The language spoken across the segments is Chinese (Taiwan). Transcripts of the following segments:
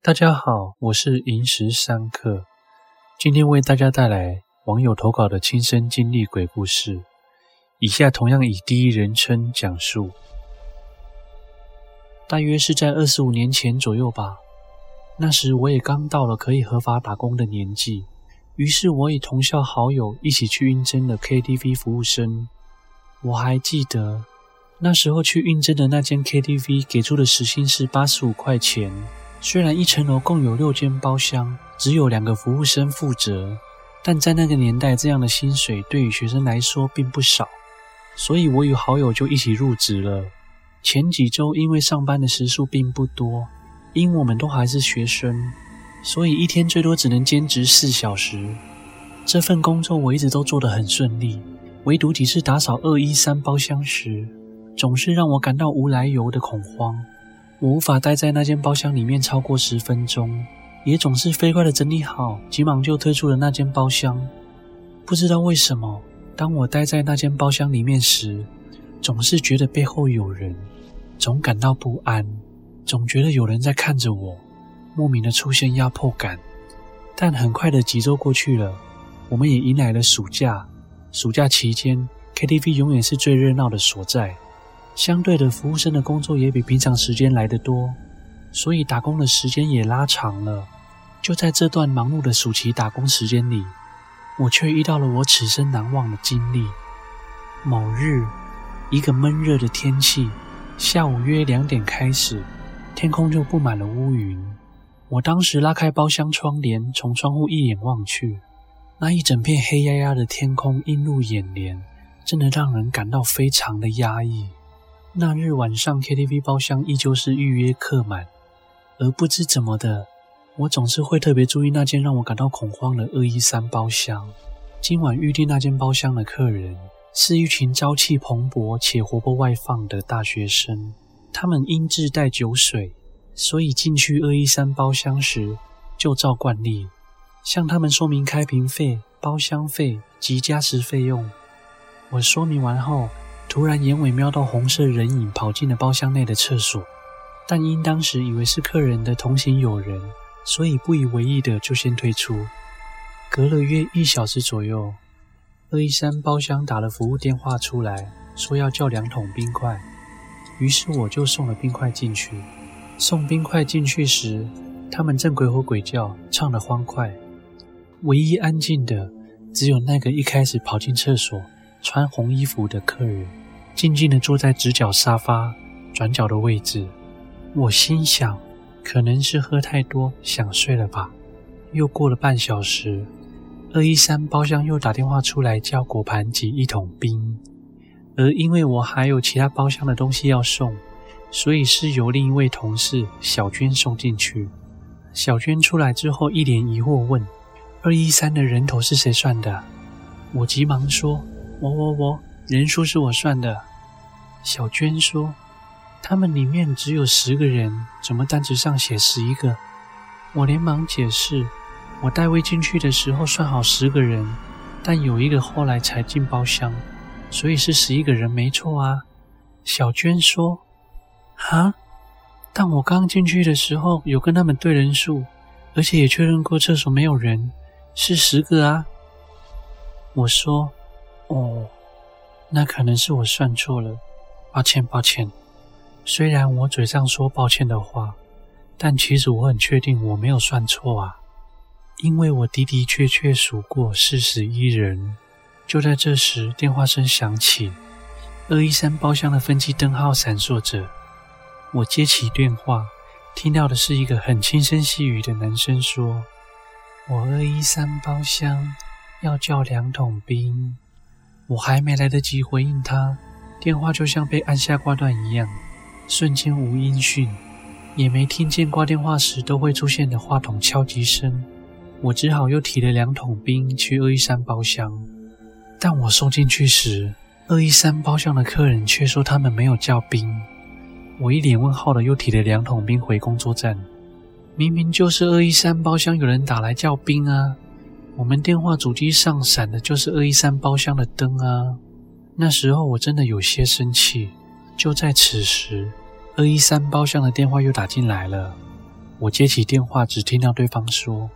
大家好，我是銀石三客。今天為大家帶來網友投稿的親身經歷鬼故事。以下同樣以第一人稱講述。大約是在二十五年前左右吧，那時我也剛到了可以合法打工的年紀，於是我與同校好友一起去應徵了 KTV 服務生。我還記得那時候去應徵的那間 KTV 給出的時薪是八十五塊錢。雖然一層樓共有六間包廂，只有兩個服務生負責，但在那個年代，這樣的薪水對於學生來說並不少，所以我與好友就一起入職了。前幾周因為上班的時數並不多，因我們都還是學生，所以一天最多只能兼職四小時。這份工作我一直都做得很順利，唯獨幾次打掃二一三包廂時，總是讓我感到無來由的恐慌。我無法待在那間包廂裡面超過十分鐘，也總是飛快的整理好，急忙就退出了那間包廂。不知道為什麼，當我待在那間包廂裡面時，總是覺得背後有人，總感到不安，總覺得有人在看着我，莫名的出現壓迫感。但很快的幾周過去了，我們也迎來了暑假。暑假期間，KTV 永遠是最熱鬧的所在。相對的服務生的工作也比平常時間來得多，所以打工的時間也拉長了。就在這段忙碌的暑期打工時間裡，我卻遇到了我此生難忘的經歷。某日，一個悶熱的天氣，下午約兩點開始，天空就布滿了烏雲。我當時拉開包廂窗簾，從窗戶一眼望去，那一整片黑壓壓的天空映入眼簾，真的讓人感到非常的壓抑。那日晚上，KTV 包廂依舊是預約客滿，而不知怎麼的，我總是會特別注意那間讓我感到恐慌的二一三包廂。今晚預訂那間包廂的客人是一群朝氣蓬勃且活潑外放的大學生，他們因自帶酒水，所以進去二一三包廂時，就照慣例向他們說明開瓶費、包廂費及加時費用。我說明完後。突然，眼尾瞄到紅色人影跑進了包廂內的廁所，但因當時以為是客人的同行友人，所以不以為意的就先退出。隔了約一小時左右，二一三包廂打了服務電話出來，說要叫兩桶冰塊，於是我就送了冰塊進去。送冰塊進去時，他們正鬼吼鬼叫，唱得歡快，唯一安靜的只有那個一開始跑進廁所、穿紅衣服的客人。靜靜地坐在直角沙發轉角的位置，我心想，可能是喝太多想睡了吧。又過了半小時，二一三包廂又打電話出來叫果盤及一桶冰，而因為我還有其他包廂的東西要送，所以是由另一位同事小娟送進去。小娟出來之後，一臉疑惑問：“二一三的人頭是誰算的？”我急忙說：“我我我。”人數是我算的，小娟說：“他們裡面只有十個人，怎麼單子上寫十一個？”我連忙解釋：“我帶位進去的時候算好十個人，但有一個後來才進包廂，所以是十一個人，沒錯啊。”小娟說：“啊？但我剛進去的時候有跟他們對人數，而且也確認過廁所沒有人，是十個啊。”我說：“哦。”那可能是我算錯了，抱歉抱歉。雖然我嘴上說抱歉的話，但其實我很確定我沒有算錯啊，因為我的的確確數過四十一人。就在這時，電話聲響起，二一三包廂的分機燈號閃爍着。我接起電話，聽到的是一個很輕聲細語的男生說：“我二一三包廂要叫兩桶冰。”我還沒來得及回應他，電話就像被按下掛斷一樣，瞬間無音訊，也沒聽見掛電話時都會出現的話筒敲擊聲。我只好又提了兩桶冰去二一三包廂，但我送進去時，二一三包廂的客人卻說他們沒有叫冰。我一臉問號的又提了兩桶冰回工作站，明明就是二一三包廂有人打來叫冰啊！我們電話主機上閃的就是二一三包廂的燈啊！那時候我真的有些生氣。就在此時，二一三包廂的電話又打進來了。我接起電話，只聽到對方說：“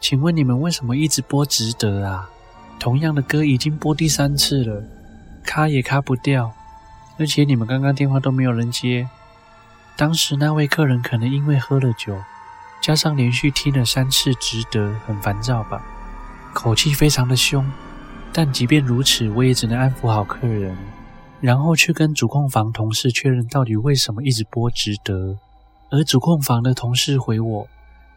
請問你們為什麼一直播《值得》啊？同樣的歌已經播第三次了，卡也卡不掉，而且你們剛剛電話都沒有人接。”當時那位客人可能因為喝了酒，加上連續聽了三次《值得》，很煩躁吧。口氣非常的凶，但即便如此，我也只能安撫好客人，然後去跟主控房同事確認到底為什麼一直播值得。而主控房的同事回我：“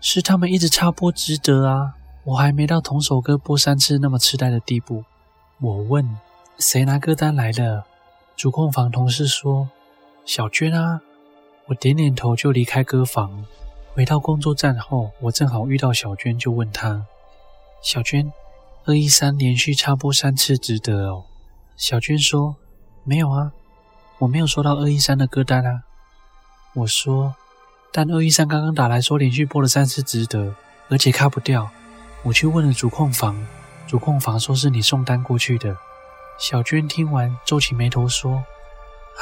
是他們一直插播值得啊，我還沒到同首歌播三次那麼痴獃的地步。”我問：“誰拿歌單來了？”主控房同事說：“小娟啊。”我點點頭就離開歌房。回到工作站後，我正好遇到小娟，就問她。小娟，二一三連續插播三次值得哦。小娟說：“沒有啊，我沒有收到二一三的歌單啊。”我說：“但二一三剛剛打來說連續播了三次值得，而且卡不掉。”我去問了主控房，主控房說是你送單過去的。小娟聽完皺起眉頭說：“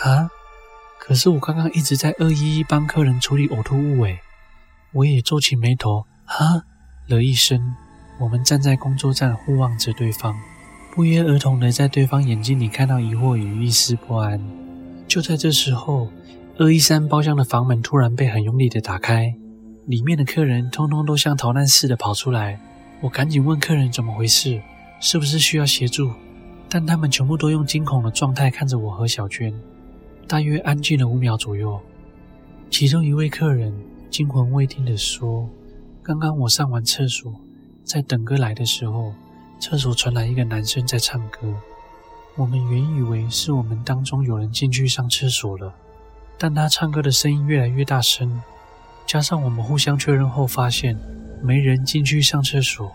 啊，可是我剛剛一直在二一一幫客人處理嘔吐物誒。”我也皺起眉頭，啊了一聲。我們站在工作站，互望着對方，不約而同地在對方眼睛裡看到疑惑與一絲不安。就在這時候，二一三包廂的房門突然被很用力地打開，裡面的客人通通都像逃難似的跑出來。我趕緊問客人怎麼回事，是不是需要協助？但他們全部都用驚恐的狀態看着我和小娟。大約安靜了五秒左右，其中一位客人驚魂未定地說：“剛剛我上完廁所。”在等歌來的時候，廁所傳來一個男生在唱歌。我們原以為是我們當中有人進去上廁所了，但他唱歌的聲音越來越大聲，加上我們互相確認後發現沒人進去上廁所，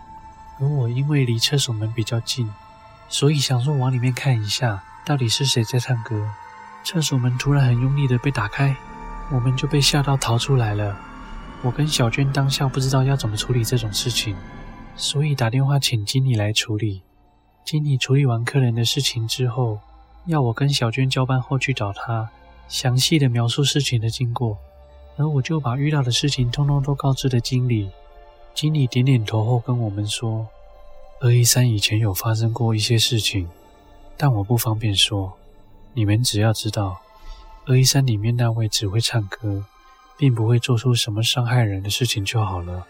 而我因為離廁所門比較近，所以想說往裡面看一下到底是誰在唱歌。廁所門突然很用力地被打開，我們就被嚇到逃出來了。我跟小娟當下不知道要怎麼處理這種事情。所以打電話請經理來處理。經理處理完客人的事情之後，要我跟小娟交班後去找她，詳細的描述事情的經過。而我就把遇到的事情通通都告知了經理。經理點點頭後跟我們說：“二一三以前有發生過一些事情，但我不方便說。你們只要知道二一三裡面那位只會唱歌，並不會做出什麼傷害人的事情就好了。”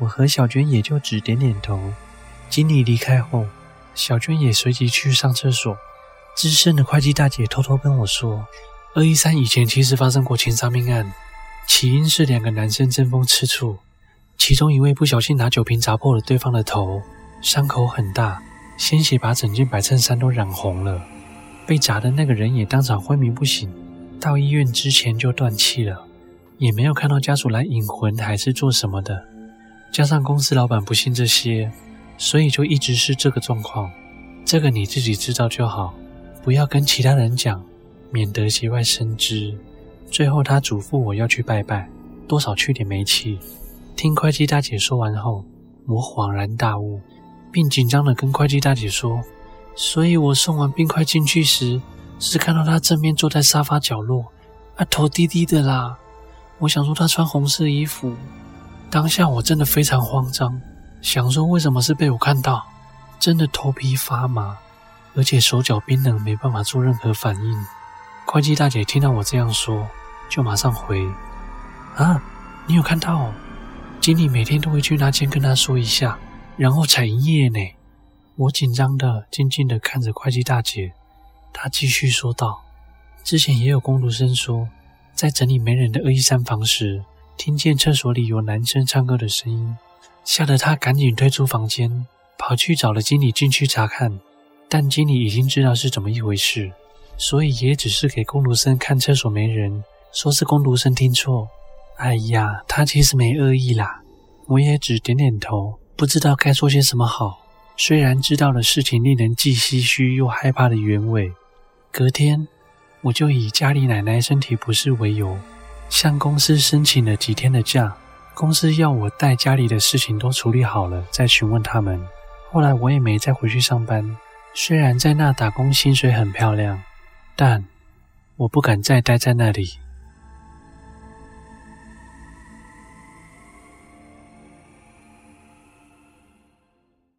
我和小娟也就只點點頭。經理離開後，小娟也隨即去上廁所。資深的會計大姐偷偷跟我說，二一三以前其實發生過情殺命案，起因是兩個男生爭風吃醋，其中一位不小心拿酒瓶砸破了對方的頭，傷口很大，鮮血把整件白襯衫都染紅了。被砸的那個人也當場昏迷不醒，到醫院之前就斷氣了，也沒有看到家屬來引魂還是做什麼的。加上公司老闆不信這些，所以就一直是這個狀況。這個你自己知道就好，不要跟其他人講，免得節外生枝。最後他囑咐我要去拜拜，多少去點煤氣。聽會計大姐說完後，我恍然大悟，並緊張地跟會計大姐說：“所以我送完冰塊進去時，是看到他正面坐在沙發角落，他、啊、頭低低的啦。我想說他穿紅色衣服。”當下我真的非常慌張，想說為什麼是被我看到，真的頭皮發麻，而且手腳冰冷，沒辦法做任何反應。會計大姐聽到我這樣說，就馬上回：“啊，你有看到哦？經理每天都會去那間跟他說一下，然後才營業呢。”我緊張的靜靜的看着會計大姐，她繼續說道：“之前也有工讀生說，在整理沒人的213房時。”聽見廁所裡有男生唱歌的聲音，嚇得他趕緊退出房間，跑去找了經理進去查看。但經理已經知道是怎麼一回事，所以也只是給工讀生看廁所沒人，說是工讀生聽錯。哎呀，他其實沒惡意啦。我也只點點頭，不知道該說些什麼好。雖然知道了事情令人既唏噓又害怕的原委，隔天我就以家裡奶奶身體不適為由。向公司申請了幾天的假，公司要我待家裡的事情都處理好了再詢問他們。後來我也沒再回去上班，雖然在那打工薪水很漂亮，但我不敢再待在那裡。